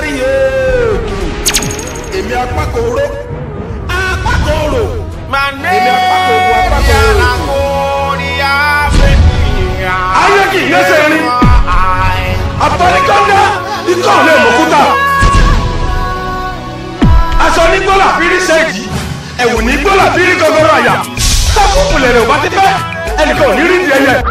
dárí èèdù èmi apákòró apákòró èmi apákòró apákòró. ayé kì í lẹ́sẹ̀ rí àtọ́nikọ́dá ikọ̀ lè mọ̀kúta aṣọ ní gbọ́là fírí ṣẹ́ẹ̀jì ẹ̀wù ní gbọ́là fírí gọ́gọ́rọ́ àyà sábùkù lẹ̀rẹ̀ ò bá ti fẹ́ ẹnìkan ò ní rí ìdí ẹyẹ.